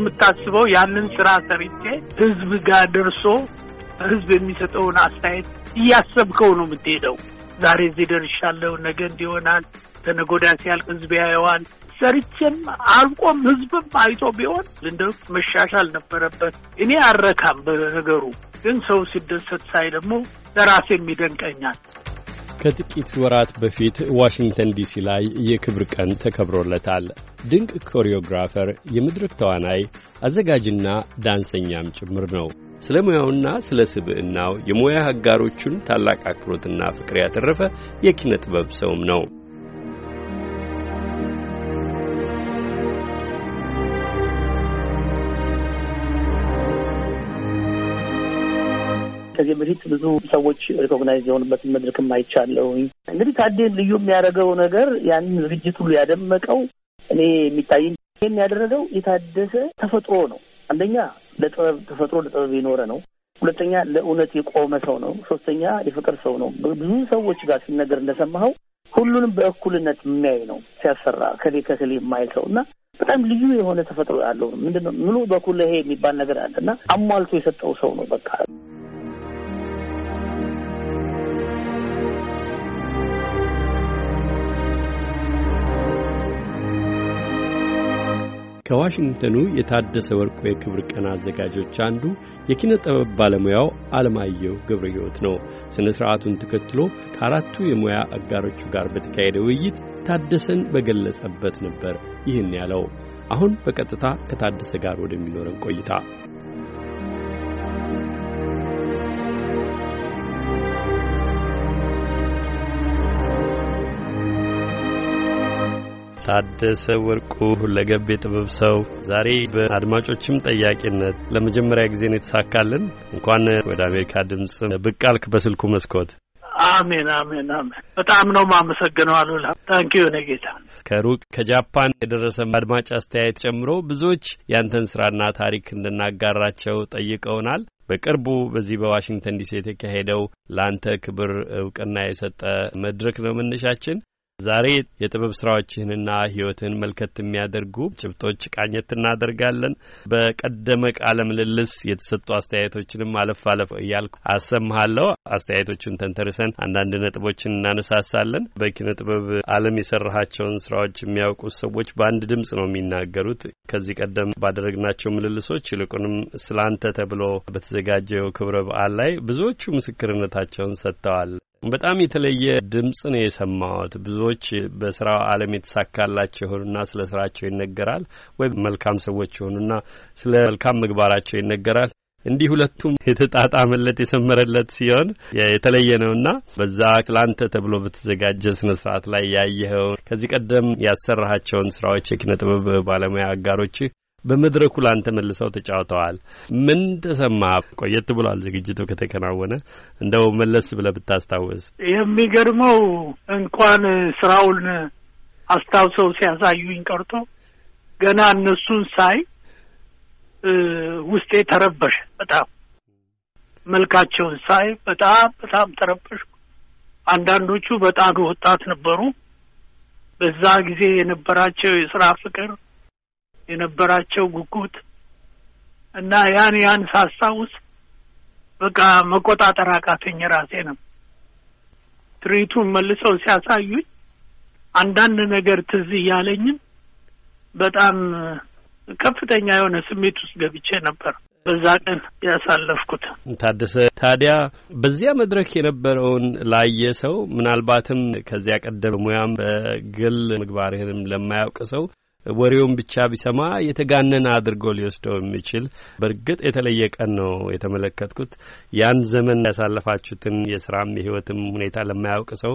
የምታስበው ያንን ስራ ሰርቼ ህዝብ ጋር ደርሶ ህዝብ የሚሰጠውን አስተያየት እያሰብከው ነው የምትሄደው። ዛሬ እዚህ ደርሻለሁ፣ ነገ እንዲሆናል፣ ተነገ ወዲያ ሲያልቅ ህዝብ ያየዋል። ሰርቼም አልቆም ህዝብም አይቶ ቢሆን እንደው መሻሻል ነበረበት። እኔ አረካም በነገሩ ግን ሰው ሲደሰት ሳይ ደግሞ ለራሴም ይደንቀኛል። ከጥቂት ወራት በፊት ዋሽንግተን ዲሲ ላይ የክብር ቀን ተከብሮለታል። ድንቅ ኮሪዮግራፈር፣ የመድረክ ተዋናይ፣ አዘጋጅና ዳንሰኛም ጭምር ነው። ስለ ሙያውና ስለ ስብዕናው የሙያ አጋሮቹን ታላቅ አክብሮትና ፍቅር ያተረፈ የኪነ ጥበብ ሰውም ነው። በፊት ብዙ ሰዎች ሪኮግናይዝ የሆኑበትን መድረክም አይቻለውኝ። እንግዲህ ታዴን ልዩ የሚያደርገው ነገር ያንን ዝግጅት ሁሉ ያደመቀው እኔ የሚታየኝ ይህን ያደረገው የታደሰ ተፈጥሮ ነው። አንደኛ ለጥበብ ተፈጥሮ ለጥበብ የኖረ ነው። ሁለተኛ ለእውነት የቆመ ሰው ነው። ሶስተኛ የፍቅር ሰው ነው። ብዙ ሰዎች ጋር ሲነገር እንደሰማኸው ሁሉንም በእኩልነት የሚያይ ነው። ሲያሰራ ከሌ ከሌ የማይል ሰው እና በጣም ልዩ የሆነ ተፈጥሮ ያለው ምንድነው ምሉ በኩል ይሄ የሚባል ነገር አለ እና አሟልቶ የሰጠው ሰው ነው በቃ ከዋሽንግተኑ የታደሰ ወርቆ የክብር ቀን አዘጋጆች አንዱ የኪነ ጥበብ ባለሙያው አለማየሁ ገብረ ሕይወት ነው። ሥነ ሥርዓቱን ተከትሎ ከአራቱ የሙያ አጋሮቹ ጋር በተካሄደ ውይይት ታደሰን በገለጸበት ነበር ይህን ያለው። አሁን በቀጥታ ከታደሰ ጋር ወደሚኖረን ቆይታ ታደሰ ወርቁ ሁለገብ የጥበብ ሰው ዛሬ በአድማጮችም ጠያቂነት ለመጀመሪያ ጊዜ ነው የተሳካልን። እንኳን ወደ አሜሪካ ድምፅ ብቅ አልክ በስልኩ መስኮት። አሜን አሜን አሜን። በጣም ነው ማመሰግነው አሉላ። ታንኪዩ ነ ጌታ። ከሩቅ ከጃፓን የደረሰ አድማጭ አስተያየት ጨምሮ ብዙዎች ያንተን ስራና ታሪክ እንድናጋራቸው ጠይቀውናል። በቅርቡ በዚህ በዋሽንግተን ዲሲ የተካሄደው ለአንተ ክብር እውቅና የሰጠ መድረክ ነው መነሻችን። ዛሬ የጥበብ ስራዎችህንና ህይወትህን መልከት የሚያደርጉ ጭብጦች ቃኘት እናደርጋለን። በቀደመ ቃለ ምልልስ የተሰጡ አስተያየቶችንም አለፍ አለፍ እያልኩ አሰማሃለሁ። አስተያየቶቹን ተንተርሰን አንዳንድ ነጥቦችን እናነሳሳለን። በኪነ ጥበብ ዓለም የሰራሃቸውን ስራዎች የሚያውቁ ሰዎች በአንድ ድምጽ ነው የሚናገሩት። ከዚህ ቀደም ባደረግናቸው ምልልሶች ይልቁንም ስላንተ ተብሎ በተዘጋጀው ክብረ በዓል ላይ ብዙዎቹ ምስክርነታቸውን ሰጥተዋል። በጣም የተለየ ድምፅ ነው የሰማሁት። ብዙዎች በስራው ዓለም የተሳካላቸው የሆኑና ስለ ስራቸው ይነገራል፣ ወይ መልካም ሰዎች የሆኑና ስለ መልካም ምግባራቸው ይነገራል። እንዲህ ሁለቱም የተጣጣመለት የሰመረለት ሲሆን የተለየ ነውና በዛ ትላንተ ተብሎ በተዘጋጀ ስነ ስርዓት ላይ ያየኸው ከዚህ ቀደም ያሰራሃቸውን ስራዎች የኪነ ጥበብ ባለሙያ አጋሮችህ በመድረኩ ላን መልሰው ተጫውተዋል። ምን ተሰማ? ቆየት ብሏል ዝግጅቱ ከተከናወነ፣ እንደው መለስ ብለህ ብታስታውስ። የሚገርመው እንኳን ስራውን አስታውሰው ሲያሳዩኝ ቀርቶ ገና እነሱን ሳይ ውስጤ ተረበሸ። በጣም መልካቸውን ሳይ በጣም በጣም ተረበሽ። አንዳንዶቹ በጣም ወጣት ነበሩ። በዛ ጊዜ የነበራቸው የስራ ፍቅር የነበራቸው ጉጉት እና ያን ያን ሳስታውስ በቃ መቆጣጠር አቃተኝ ራሴ ነው። ትርኢቱን መልሰው ሲያሳዩኝ አንዳንድ ነገር ትዝ እያለኝም በጣም ከፍተኛ የሆነ ስሜት ውስጥ ገብቼ ነበር በዛ ቀን ያሳለፍኩት። ታደሰ ታዲያ በዚያ መድረክ የነበረውን ላየ ሰው ምናልባትም ከዚያ ቀደም ሙያም በግል ምግባርህንም ለማያውቅ ሰው ወሬውን ብቻ ቢሰማ የተጋነነ አድርጎ ሊወስደው የሚችል በእርግጥ የተለየ ቀን ነው የተመለከትኩት። ያን ዘመን ያሳለፋችሁትን የስራም የህይወትም ሁኔታ ለማያውቅ ሰው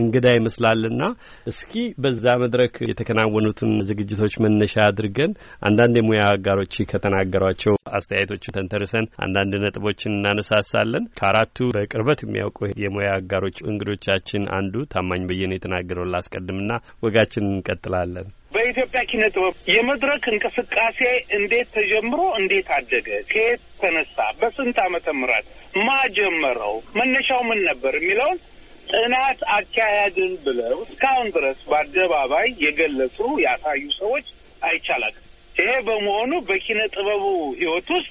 እንግዳ ይመስላልና እስኪ በዛ መድረክ የተከናወኑትን ዝግጅቶች መነሻ አድርገን አንዳንድ የሙያ አጋሮች ከተናገሯቸው አስተያየቶችን ተንተርሰን አንዳንድ ነጥቦችን እናነሳሳለን። ከአራቱ በቅርበት የሚያውቁ የሙያ አጋሮች እንግዶቻችን አንዱ ታማኝ በየነ የተናገረውን ላስቀድምና ወጋችን እንቀጥላለን። በኢትዮጵያ ኪነ ጥበብ የመድረክ እንቅስቃሴ እንዴት ተጀምሮ እንዴት አደገ፣ ከየት ተነሳ፣ በስንት ዓመተ ምህረት ማጀመረው መነሻው ምን ነበር የሚለውን ጥናት አካሄድን ብለው እስካሁን ድረስ በአደባባይ የገለጹ ያሳዩ ሰዎች አይቻላል። ይሄ በመሆኑ በኪነ ጥበቡ ህይወት ውስጥ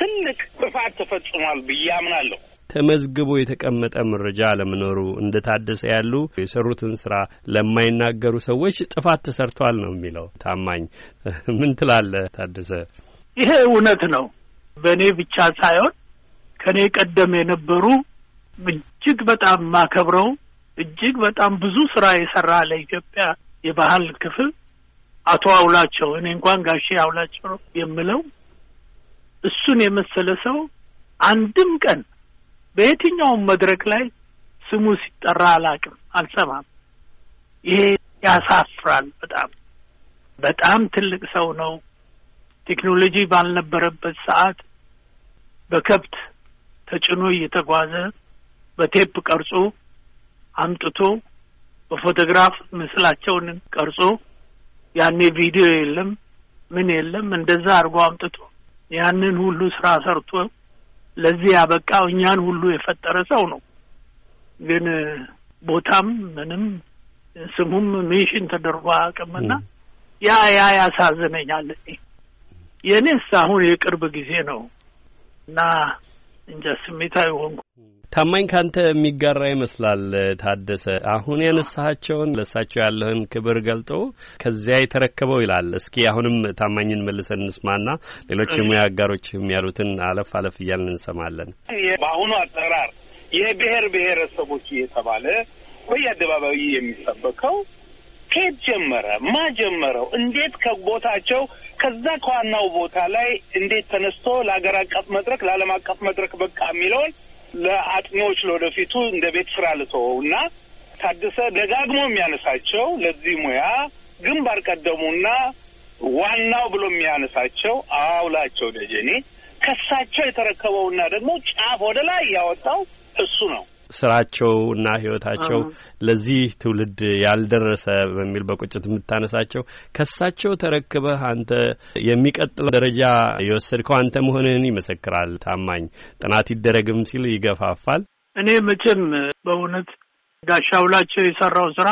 ትልቅ ጥፋት ተፈጽሟል ብዬ አምናለሁ። ተመዝግቦ የተቀመጠ መረጃ አለመኖሩ እንደ ታደሰ ያሉ የሰሩትን ስራ ለማይናገሩ ሰዎች ጥፋት ተሰርቷል ነው የሚለው ታማኝ። ምን ትላለ ታደሰ? ይሄ እውነት ነው። በእኔ ብቻ ሳይሆን ከእኔ ቀደም የነበሩ እጅግ በጣም ማከብረው እጅግ በጣም ብዙ ስራ የሰራ ለኢትዮጵያ የባህል ክፍል አቶ አውላቸው እኔ እንኳን ጋሺ አውላቸው የምለው። እሱን የመሰለ ሰው አንድም ቀን በየትኛውም መድረክ ላይ ስሙ ሲጠራ አላቅም፣ አልሰማም። ይሄ ያሳፍራል። በጣም በጣም ትልቅ ሰው ነው። ቴክኖሎጂ ባልነበረበት ሰዓት በከብት ተጭኖ እየተጓዘ በቴፕ ቀርጾ አምጥቶ በፎቶግራፍ ምስላቸውን ቀርጾ ያኔ ቪዲዮ የለም ምን የለም እንደዛ አድርጎ አምጥቶ ያንን ሁሉ ስራ ሰርቶ ለዚህ ያበቃው እኛን ሁሉ የፈጠረ ሰው ነው። ግን ቦታም ምንም ስሙም ሜንሽን ተደርጎ አያውቅምና ያ ያ ያሳዝነኛል። የእኔስ አሁን የቅርብ ጊዜ ነው እና እንጃ ስሜታዊ ሆንኩ። ታማኝ ካንተ የሚጋራ ይመስላል ታደሰ። አሁን የነሳቸውን ለሳቸው ያለህን ክብር ገልጦ ከዚያ የተረከበው ይላል። እስኪ አሁንም ታማኝን መልሰን እንስማና ሌሎች የሙያ አጋሮችም ያሉትን አለፍ አለፍ እያልን እንሰማለን። በአሁኑ አጠራር የብሔር ብሔረሰቦች እየተባለ በየአደባባዩ የሚሰበከው ከየት ጀመረ? ማ ጀመረው? እንዴት ከቦታቸው ከዛ ከዋናው ቦታ ላይ እንዴት ተነስቶ ለሀገር አቀፍ መድረክ ለዓለም አቀፍ መድረክ በቃ የሚለውን ለአጥኚዎች ለወደፊቱ እንደ ቤት ስራ ልተወው እና ታደሰ ደጋግሞ የሚያነሳቸው ለዚህ ሙያ ግንባር ቀደሙና ዋናው ብሎ የሚያነሳቸው አውላቸው ደጀኔ ከሳቸው የተረከበውና ደግሞ ጫፍ ወደ ላይ ያወጣው እሱ ነው። ስራቸው እና ህይወታቸው ለዚህ ትውልድ ያልደረሰ በሚል በቁጭት የምታነሳቸው ከሳቸው ተረክበህ አንተ የሚቀጥለው ደረጃ የወሰድከው አንተ መሆንህን ይመሰክራል። ታማኝ ጥናት ይደረግም ሲል ይገፋፋል። እኔ መቼም በእውነት ጋሻውላቸው የሰራው ስራ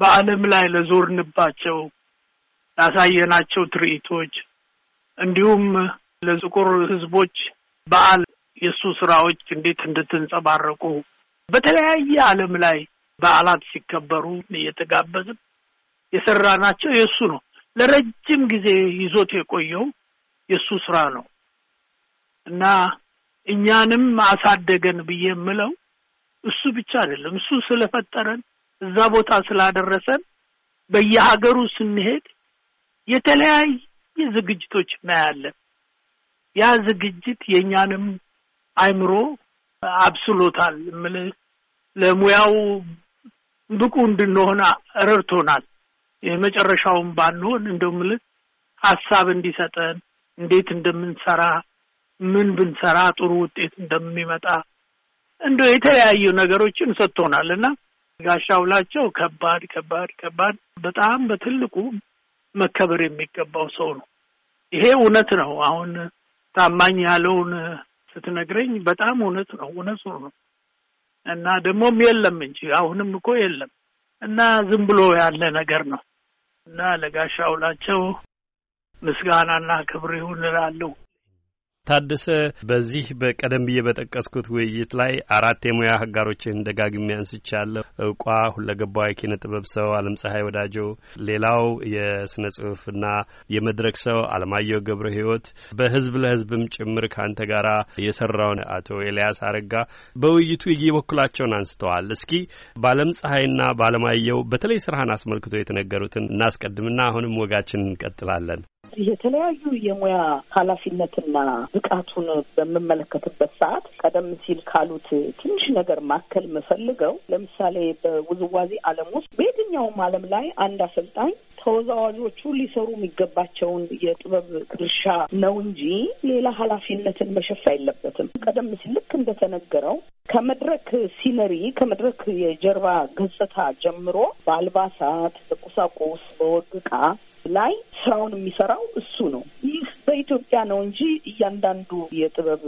በዓለም ላይ ለዞርንባቸው ላሳየናቸው ትርኢቶች እንዲሁም ለጥቁር ህዝቦች በዓል የእሱ ስራዎች እንዴት እንድትንጸባረቁ በተለያየ ዓለም ላይ በዓላት ሲከበሩ እየተጋበዝን የሰራ ናቸው የእሱ ነው። ለረጅም ጊዜ ይዞት የቆየው የእሱ ስራ ነው እና እኛንም አሳደገን ብዬ የምለው እሱ ብቻ አይደለም። እሱ ስለፈጠረን እዛ ቦታ ስላደረሰን በየሀገሩ ስንሄድ የተለያየ ዝግጅቶች እናያለን። ያ ዝግጅት የእኛንም አይምሮ አብስሎታል። ለሙያው ብቁ እንድንሆን ረድቶናል። የመጨረሻውን ባንሆን እንደው ምልህ ሀሳብ እንዲሰጠን እንዴት እንደምንሰራ ምን ብንሰራ ጥሩ ውጤት እንደሚመጣ እንደ የተለያዩ ነገሮችን ሰጥቶናል እና ጋሻውላቸው ከባድ ከባድ ከባድ በጣም በትልቁ መከበር የሚገባው ሰው ነው። ይሄ እውነት ነው። አሁን ታማኝ ያለውን ስትነግረኝ በጣም እውነት ነው እውነቱ ነው። እና ደግሞም የለም እንጂ አሁንም እኮ የለም እና ዝም ብሎ ያለ ነገር ነው እና ውላቸው ምስጋናና ክብር ይሁን እላለሁ። ታደሰ በዚህ በቀደም ብዬ በጠቀስኩት ውይይት ላይ አራት የሙያ አጋሮችን ደጋግሜ አንስቻለሁ። እውቋ ሁለገባዋ የኪነ ጥበብ ሰው አለም ፀሐይ ወዳጆ፣ ሌላው የስነ ጽሁፍና የመድረክ ሰው አለማየሁ ገብረ ህይወት፣ በህዝብ ለህዝብም ጭምር ከአንተ ጋር የሰራውን አቶ ኤልያስ አረጋ በውይይቱ የበኩላቸውን አንስተዋል። እስኪ በአለም ፀሐይና በአለማየሁ በተለይ ስራህን አስመልክቶ የተነገሩትን እናስቀድምና አሁንም ወጋችን እንቀጥላለን። የተለያዩ የሙያ ኃላፊነትና ብቃቱን በምመለከትበት ሰዓት ቀደም ሲል ካሉት ትንሽ ነገር ማከል የምፈልገው ለምሳሌ በውዝዋዜ ዓለም ውስጥ በየትኛውም ዓለም ላይ አንድ አሰልጣኝ ተወዛዋዦቹ ሊሰሩ የሚገባቸውን የጥበብ ድርሻ ነው እንጂ ሌላ ኃላፊነትን መሸፍ አይለበትም። ቀደም ሲል ልክ እንደተነገረው ከመድረክ ሲነሪ ከመድረክ የጀርባ ገጽታ ጀምሮ በአልባሳት፣ በቁሳቁስ፣ በወግ ዕቃ ላይ ስራውን የሚሰራው እሱ ነው። በኢትዮጵያ ነው እንጂ እያንዳንዱ የጥበብ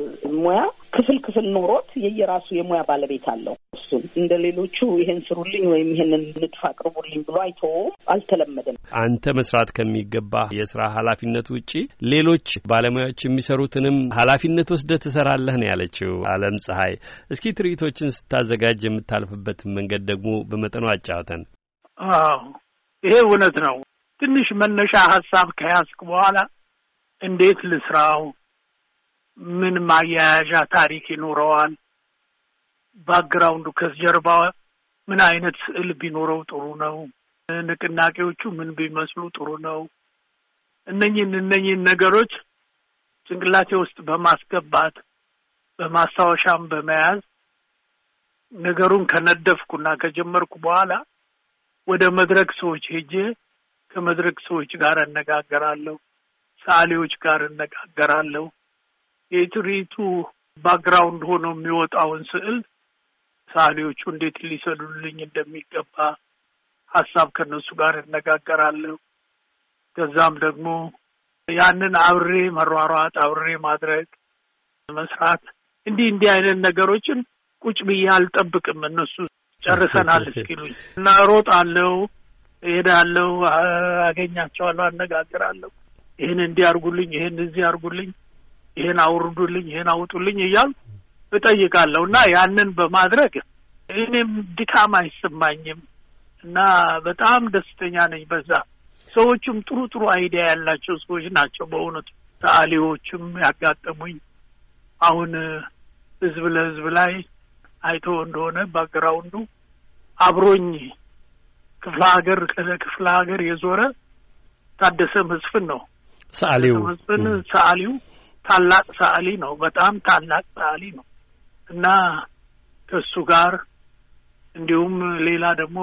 ሙያ ክፍል ክፍል ኖሮት የየራሱ የሙያ ባለቤት አለው። እሱም እንደ ሌሎቹ ይሄን ስሩልኝ ወይም ይሄንን ንድፍ አቅርቡልኝ ብሎ አይተውም አልተለመደም። አንተ መስራት ከሚገባ የስራ ኃላፊነት ውጪ ሌሎች ባለሙያዎች የሚሰሩትንም ኃላፊነት ወስደህ ትሰራለህ ነው ያለችው አለም ፀሐይ። እስኪ ትርኢቶችን ስታዘጋጅ የምታልፍበትን መንገድ ደግሞ በመጠኑ አጫውተን። አዎ ይሄ እውነት ነው። ትንሽ መነሻ ሀሳብ ከያዝክ በኋላ እንዴት ልስራው፣ ምን ማያያዣ ታሪክ ይኖረዋል፣ ባክግራውንዱ ከጀርባ ምን አይነት ስዕል ቢኖረው ጥሩ ነው፣ ንቅናቄዎቹ ምን ቢመስሉ ጥሩ ነው። እነኝን እነኝህን ነገሮች ጭንቅላቴ ውስጥ በማስገባት በማስታወሻም በመያዝ ነገሩን ከነደፍኩና ከጀመርኩ በኋላ ወደ መድረክ ሰዎች ሄጄ ከመድረክ ሰዎች ጋር እነጋገራለሁ። ሰዓሊዎች ጋር እነጋገራለሁ። የትርኢቱ ባክግራውንድ ሆኖ የሚወጣውን ስዕል ሰዓሊዎቹ እንዴት ሊሰሉልኝ እንደሚገባ ሀሳብ ከነሱ ጋር እነጋገራለሁ። ከዛም ደግሞ ያንን አብሬ መሯሯጥ፣ አብሬ ማድረግ፣ መስራት እንዲህ እንዲህ አይነት ነገሮችን ቁጭ ብዬ አልጠብቅም። እነሱ ጨርሰናል እስኪሉኝ እና ሮጣለሁ፣ እሄዳለሁ፣ አገኛቸዋለሁ፣ አነጋግራለሁ። ይህን እንዲህ አርጉልኝ፣ ይህን እዚህ አርጉልኝ፣ ይህን አውርዱልኝ፣ ይህን አውጡልኝ እያሉ እጠይቃለሁ እና ያንን በማድረግ እኔም ድካም አይሰማኝም እና በጣም ደስተኛ ነኝ በዛ። ሰዎቹም ጥሩ ጥሩ አይዲያ ያላቸው ሰዎች ናቸው በእውነቱ። ሰዓሊዎቹም ያጋጠሙኝ አሁን ህዝብ ለህዝብ ላይ አይቶ እንደሆነ ባግራውንዱ አብሮኝ ክፍለ ሀገር ክፍለ ሀገር የዞረ ታደሰ መስፍን ነው። ሰዓሊው ሰአሊው ታላቅ ሰአሊ ነው። በጣም ታላቅ ሰአሊ ነው እና ከእሱ ጋር እንዲሁም ሌላ ደግሞ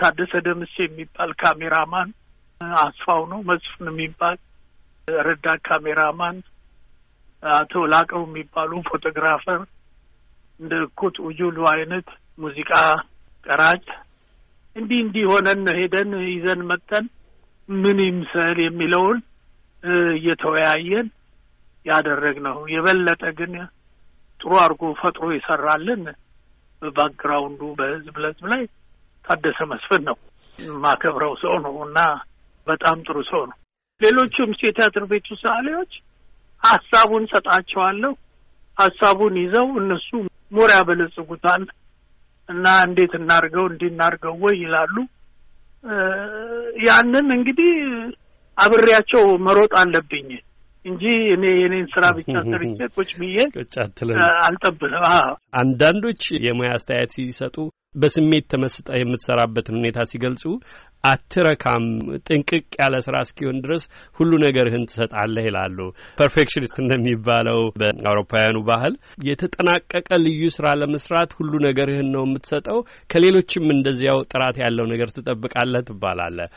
ታደሰ ደምስ የሚባል ካሜራማን አስፋው ነው መስፍን የሚባል ረዳት ካሜራማን፣ አቶ ላቀው የሚባሉ ፎቶግራፈር፣ እንደ ኩት ውጁሉ አይነት ሙዚቃ ቀራጭ እንዲህ እንዲህ ሆነን ሄደን ይዘን መጥተን ምን ይምሰል የሚለውን እየተወያየን ያደረግ ነው የበለጠ ግን ጥሩ አድርጎ ፈጥሮ ይሰራልን በባክግራውንዱ በህዝብ ለህዝብ ላይ ታደሰ መስፍን ነው። ማከብረው ሰው ነው እና በጣም ጥሩ ሰው ነው። ሌሎቹም የቲያትር ቤቱ ሰዓሊዎች ሀሳቡን ሰጣቸዋለሁ። ሀሳቡን ይዘው እነሱ ሞሪያ ያበለጽጉታል እና እንዴት እናርገው እንዲናርገው ወይ ይላሉ። ያንን እንግዲህ አብሬያቸው መሮጥ አለብኝ እንጂ እኔ የኔን ስራ ብቻ ሰርቼ ቁጭ ብዬ አልጠብቅም። አንዳንዶች የሙያ አስተያየት ሲሰጡ በስሜት ተመስጠ የምትሰራበትን ሁኔታ ሲገልጹ አትረካም፣ ጥንቅቅ ያለ ስራ እስኪሆን ድረስ ሁሉ ነገርህን ትሰጣለህ ይላሉ። ፐርፌክሽኒስት እንደሚባለው በአውሮፓውያኑ ባህል የተጠናቀቀ ልዩ ስራ ለመስራት ሁሉ ነገርህን ነው የምትሰጠው፣ ከሌሎችም እንደዚያው ጥራት ያለው ነገር ትጠብቃለህ ትባላለህ።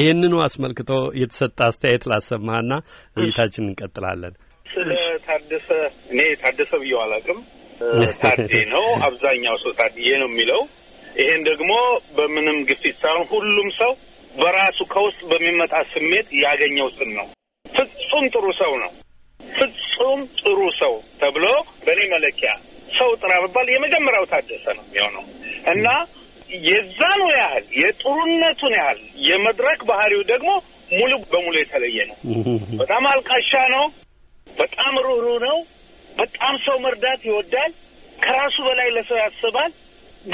ይህንኑ አስመልክቶ የተሰጠ አስተያየት ላሰማህና ውይይታችን እንቀጥላለን። ስለ ታደሰ እኔ ታደሰ ብዬው አላውቅም ታዴ ነው። አብዛኛው ሰው ታድዬ ነው የሚለው። ይሄን ደግሞ በምንም ግፊት ሳይሆን ሁሉም ሰው በራሱ ከውስጥ በሚመጣ ስሜት ያገኘው ስም ነው። ፍጹም ጥሩ ሰው ነው። ፍጹም ጥሩ ሰው ተብሎ በእኔ መለኪያ ሰው ጥራ ብባል የመጀመሪያው ታደሰ ነው የሚሆነው እና የዛኑ ያህል የጥሩነቱን ያህል የመድረክ ባህሪው ደግሞ ሙሉ በሙሉ የተለየ ነው። በጣም አልቃሻ ነው። በጣም ሩህሩህ ነው። በጣም ሰው መርዳት ይወዳል። ከራሱ በላይ ለሰው ያስባል።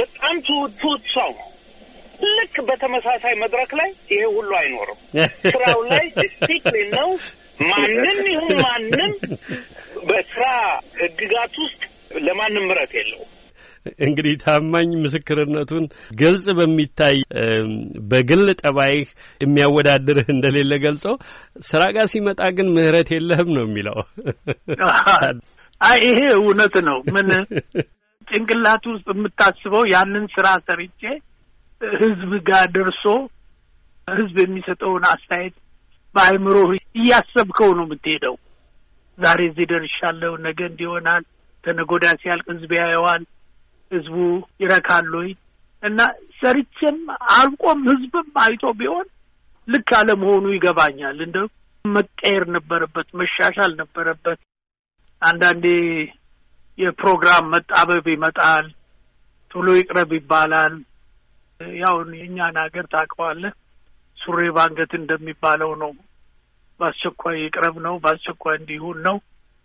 በጣም ትሁት ትሁት ሰው ልክ በተመሳሳይ መድረክ ላይ ይሄ ሁሉ አይኖርም። ስራው ላይ ዲስፕሊን ነው። ማንም ይሁን ማንም በስራ ህግጋት ውስጥ ለማንም ምረት የለውም። እንግዲህ ታማኝ ምስክርነቱን ግልጽ በሚታይ በግል ጠባይህ የሚያወዳድርህ እንደሌለ ገልጾ ስራ ጋር ሲመጣ ግን ምህረት የለህም ነው የሚለው። አይ ይሄ እውነት ነው። ምን ጭንቅላት ውስጥ የምታስበው ያንን ስራ ሰርቼ ህዝብ ጋር ደርሶ ህዝብ የሚሰጠውን አስተያየት በአእምሮ እያሰብከው ነው የምትሄደው። ዛሬ እዚህ ደርሻለሁ፣ ነገ እንዲሆናል፣ ተነጎዳ ሲያልቅ ህዝብ ያየዋል፣ ህዝቡ ወይ እና ሰርቼም አልቆም ህዝብም አይቶ ቢሆን ልክ አለመሆኑ ይገባኛል። እንደው መቀየር ነበረበት፣ መሻሻል ነበረበት። አንዳንዴ የፕሮግራም መጣበብ ይመጣል። ቶሎ ይቅረብ ይባላል። ያው የእኛን ሀገር ታውቀዋለህ፣ ሱሪ ባንገት እንደሚባለው ነው። በአስቸኳይ ይቅረብ ነው፣ በአስቸኳይ እንዲሁን ነው።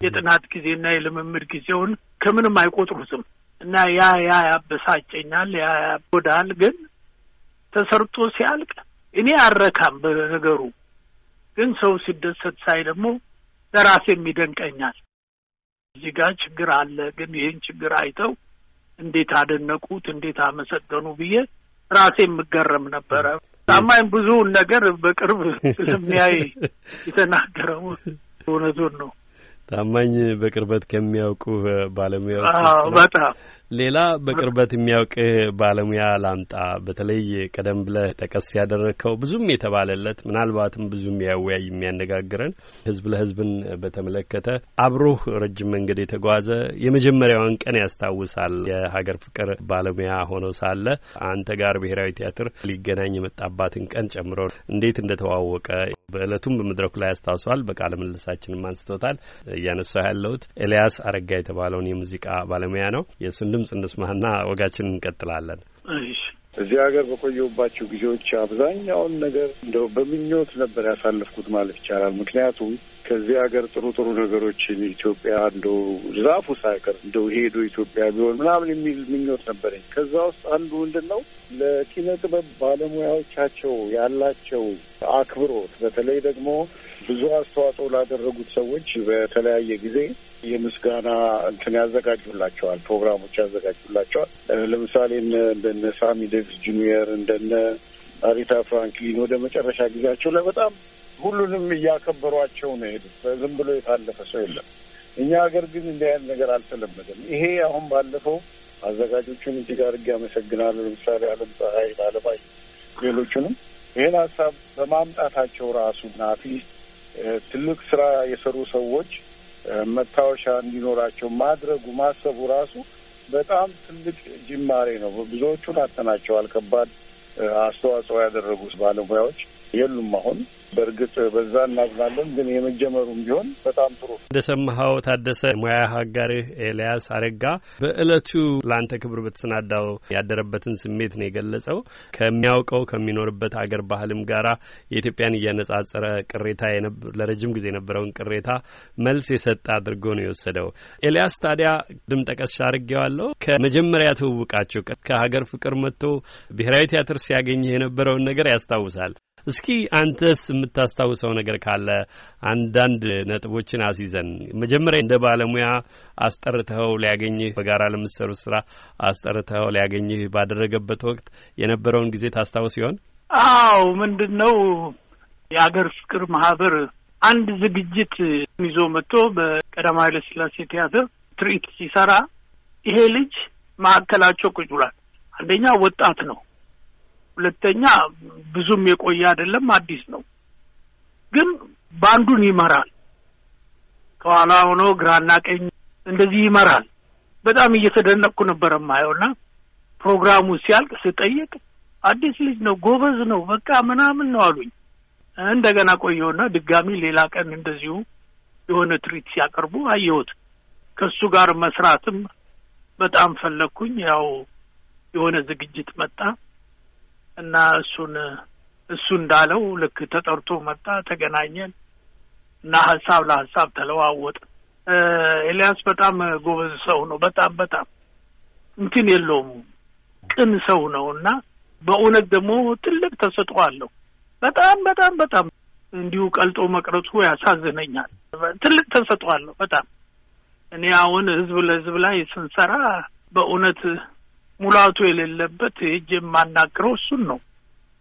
የጥናት ጊዜና የልምምድ ጊዜውን ከምንም አይቆጥሩትም እና ያ ያ ያበሳጨኛል፣ ያ ያጎዳል። ግን ተሰርጦ ሲያልቅ እኔ አረካም በነገሩ ግን ሰው ሲደሰት ሳይ ደግሞ ለራሴም ይደንቀኛል። እዚህ ጋር ችግር አለ፣ ግን ይህን ችግር አይተው እንዴት አደነቁት፣ እንዴት አመሰገኑ ብዬ ራሴ የምገረም ነበረ። ታማኝ ብዙውን ነገር በቅርብ ስለሚያይ የተናገረው እውነቱን ነው። ታማኝ በቅርበት ከሚያውቁ ባለሙያዎች በጣም ሌላ በቅርበት የሚያውቅ ባለሙያ ላምጣ። በተለይ ቀደም ብለህ ጠቀስ ያደረግከው ብዙም የተባለለት ምናልባትም ብዙ የሚያወያይ የሚያነጋግረን ህዝብ ለህዝብን በተመለከተ አብሮህ ረጅም መንገድ የተጓዘ የመጀመሪያውን ቀን ያስታውሳል። የሀገር ፍቅር ባለሙያ ሆኖ ሳለ አንተ ጋር ብሔራዊ ቲያትር ሊገናኝ የመጣባትን ቀን ጨምሮ እንዴት እንደተዋወቀ በእለቱም በመድረኩ ላይ አስታውሷል። በቃለ ምልልሳችንም አንስቶታል። እያነሳ ያለሁት ኤልያስ አረጋ የተባለውን የሙዚቃ ባለሙያ ነው። ድምፅ እንስማና ወጋችን እንቀጥላለን። እዚህ ሀገር በቆየሁባቸው ጊዜዎች አብዛኛውን ነገር እንደው በምኞት ነበር ያሳለፍኩት ማለት ይቻላል። ምክንያቱም ከዚህ ሀገር ጥሩ ጥሩ ነገሮችን ኢትዮጵያ እንደው ዛፉ ሳይቀር እንደው ሄዶ ኢትዮጵያ ቢሆን ምናምን የሚል ምኞት ነበረኝ። ከዛ ውስጥ አንዱ ምንድን ነው ለኪነ ጥበብ ባለሙያዎቻቸው ያላቸው አክብሮት፣ በተለይ ደግሞ ብዙ አስተዋጽኦ ላደረጉት ሰዎች በተለያየ ጊዜ የምስጋና እንትን ያዘጋጁላቸዋል፣ ፕሮግራሞች ያዘጋጁላቸዋል። ለምሳሌ እንደነ ሳሚ ዴቪስ ጁኒየር እንደነ አሪታ ፍራንክሊን ወደ መጨረሻ ጊዜያቸው ላይ በጣም ሁሉንም እያከበሯቸው ነው የሄዱት። ዝም ብሎ የታለፈ ሰው የለም። እኛ ሀገር ግን እንዲህ አይነት ነገር አልተለመደም። ይሄ አሁን ባለፈው አዘጋጆቹን እጅግ አድርጌ አመሰግናለሁ። ለምሳሌ አለም ፀሐይ፣ ባለባይ፣ ሌሎቹንም ይህን ሀሳብ በማምጣታቸው ራሱ ናፊ ትልቅ ስራ የሰሩ ሰዎች መታወሻ እንዲኖራቸው ማድረጉ ማሰቡ ራሱ በጣም ትልቅ ጅማሬ ነው። ብዙዎቹን አጥተናቸዋል። ከባድ አስተዋጽኦ ያደረጉት ባለሙያዎች የሉም አሁን በእርግጥ በዛ እናዝናለን፣ ግን የመጀመሩም ቢሆን በጣም ጥሩ። እንደሰማኸው ታደሰ ሙያ ሀጋሪህ ኤልያስ አረጋ በእለቱ ለአንተ ክብር በተሰናዳው ያደረበትን ስሜት ነው የገለጸው። ከሚያውቀው ከሚኖርበት አገር ባህልም ጋራ የኢትዮጵያን እያነጻጸረ ቅሬታ ለረጅም ጊዜ የነበረውን ቅሬታ መልስ የሰጠ አድርጎ ነው የወሰደው። ኤልያስ ታዲያ ድም ጠቀስ አድርጌዋለሁ ከመጀመሪያ ትውውቃቸው ከሀገር ፍቅር መጥቶ ብሔራዊ ቲያትር ሲያገኘህ የነበረውን ነገር ያስታውሳል። እስኪ አንተስ የምታስታውሰው ነገር ካለ አንዳንድ ነጥቦችን አስይዘን መጀመሪያ እንደ ባለሙያ አስጠርተኸው ሊያገኝህ በጋራ ለምትሰሩ ስራ አስጠርተኸው ሊያገኝህ ባደረገበት ወቅት የነበረውን ጊዜ ታስታውስ ይሆን? አዎ፣ ምንድን ነው የአገር ፍቅር ማህበር አንድ ዝግጅት ይዞ መጥቶ በቀዳማዊ ኃይለ ሥላሴ ቲያትር ትርኢት ሲሰራ ይሄ ልጅ ማዕከላቸው ቁጭ ብሏል። አንደኛ ወጣት ነው፣ ሁለተኛ ብዙም የቆየ አይደለም፣ አዲስ ነው። ግን ባንዱን ይመራል፣ ከኋላ ሆኖ ግራና ቀኝ እንደዚህ ይመራል። በጣም እየተደነቅኩ ነበር ማየውና ፕሮግራሙ ሲያልቅ ስጠይቅ አዲስ ልጅ ነው፣ ጎበዝ ነው፣ በቃ ምናምን ነው አሉኝ። እንደገና ቆየውና ድጋሚ ሌላ ቀን እንደዚሁ የሆነ ትርኢት ሲያቀርቡ አየሁት። ከእሱ ጋር መስራትም በጣም ፈለግኩኝ። ያው የሆነ ዝግጅት መጣ። እና እሱን እሱ እንዳለው ልክ ተጠርቶ መጣ። ተገናኘን እና ሀሳብ ለሀሳብ ተለዋወጥ። ኤልያስ በጣም ጎበዝ ሰው ነው። በጣም በጣም እንትን የለውም ቅን ሰው ነው እና በእውነት ደግሞ ትልቅ ተሰጥኦ አለው። በጣም በጣም በጣም እንዲሁ ቀልጦ መቅረቱ ያሳዝነኛል። ትልቅ ተሰጥኦ አለው በጣም እኔ አሁን ህዝብ ለህዝብ ላይ ስንሰራ በእውነት ሙላቱ የሌለበት ሄጄ የማናግረው እሱን ነው።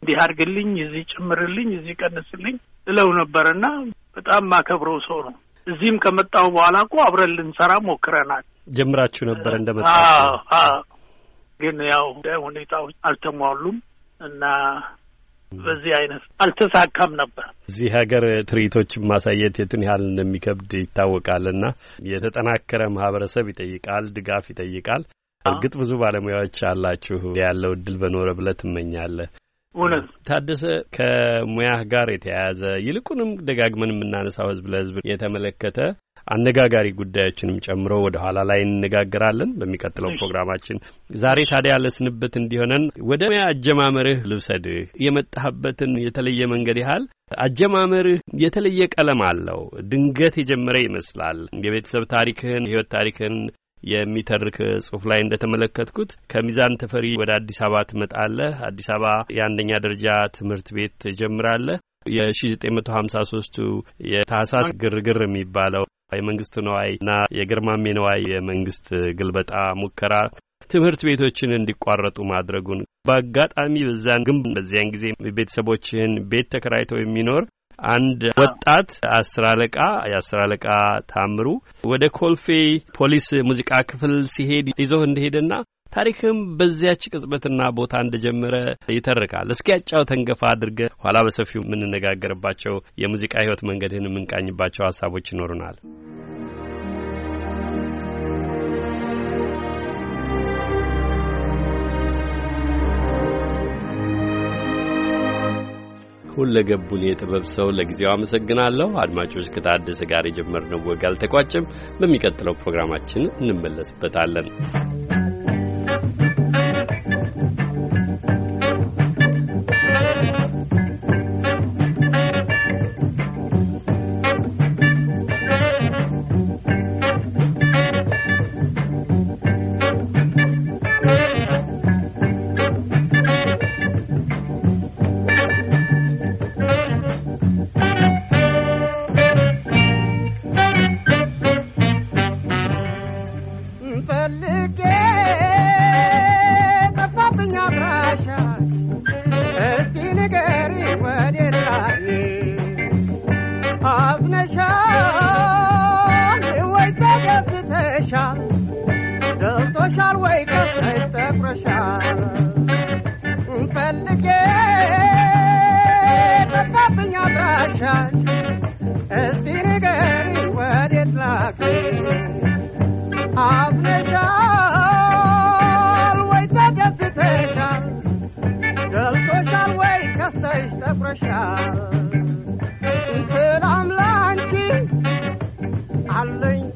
እንዲህ አድርግልኝ፣ እዚህ ጭምርልኝ፣ እዚህ ቀንስልኝ እለው ነበርና በጣም ማከብረው ሰው ነው። እዚህም ከመጣው በኋላ እኮ አብረን ልንሰራ ሞክረናል። ጀምራችሁ ነበር መጣ ግን ያው ሁኔታዎች አልተሟሉም እና በዚህ አይነት አልተሳካም ነበር። እዚህ ሀገር ትርኢቶችን ማሳየት የቱን ያህል እንደሚከብድ ይታወቃልና የተጠናከረ ማህበረሰብ ይጠይቃል፣ ድጋፍ ይጠይቃል። እርግጥ ብዙ ባለሙያዎች አላችሁ ያለው እድል በኖረ ብለህ ትመኛለህ። እውነት ታደሰ፣ ከሙያህ ጋር የተያያዘ ይልቁንም ደጋግመን የምናነሳው ህዝብ ለህዝብ የተመለከተ አነጋጋሪ ጉዳዮችንም ጨምሮ ወደ ኋላ ላይ እንነጋገራለን በሚቀጥለው ፕሮግራማችን። ዛሬ ታዲያ ለስንብት እንዲሆነን ወደ ሙያ አጀማመርህ ልውሰድህ። የመጣህበትን የተለየ መንገድ ያህል አጀማመርህ የተለየ ቀለም አለው። ድንገት የጀመረ ይመስላል። የቤተሰብ ታሪክህን፣ የህይወት ታሪክህን የሚተርክ ጽሁፍ ላይ እንደተመለከትኩት ከሚዛን ተፈሪ ወደ አዲስ አበባ ትመጣለህ። አዲስ አበባ የአንደኛ ደረጃ ትምህርት ቤት ትጀምራለህ። የ1953ቱ የታህሳስ ግርግር የሚባለው የመንግስት ነዋይ እና የግርማሜ ነዋይ የመንግስት ግልበጣ ሙከራ ትምህርት ቤቶችን እንዲቋረጡ ማድረጉን በአጋጣሚ በዛን ግን በዚያን ጊዜ ቤተሰቦችህን ቤት ተከራይተው የሚኖር አንድ ወጣት አስር አለቃ የአስር አለቃ ታምሩ ወደ ኮልፌ ፖሊስ ሙዚቃ ክፍል ሲሄድ ይዞህ እንደሄደና ታሪክም በዚያች ቅጽበትና ቦታ እንደጀመረ ይተርካል። እስኪ ያጫው ተንገፋ አድርገ ኋላ በሰፊው የምንነጋገርባቸው የሙዚቃ ህይወት መንገድህን የምንቃኝባቸው ሀሳቦች ይኖሩናል። ለገቡን የጥበብ ሰው ለጊዜው አመሰግናለሁ። አድማጮች ከታደሰ ጋር የጀመርነው ወግ አልተቋጨም። በሚቀጥለው ፕሮግራማችን እንመለስበታለን። Thank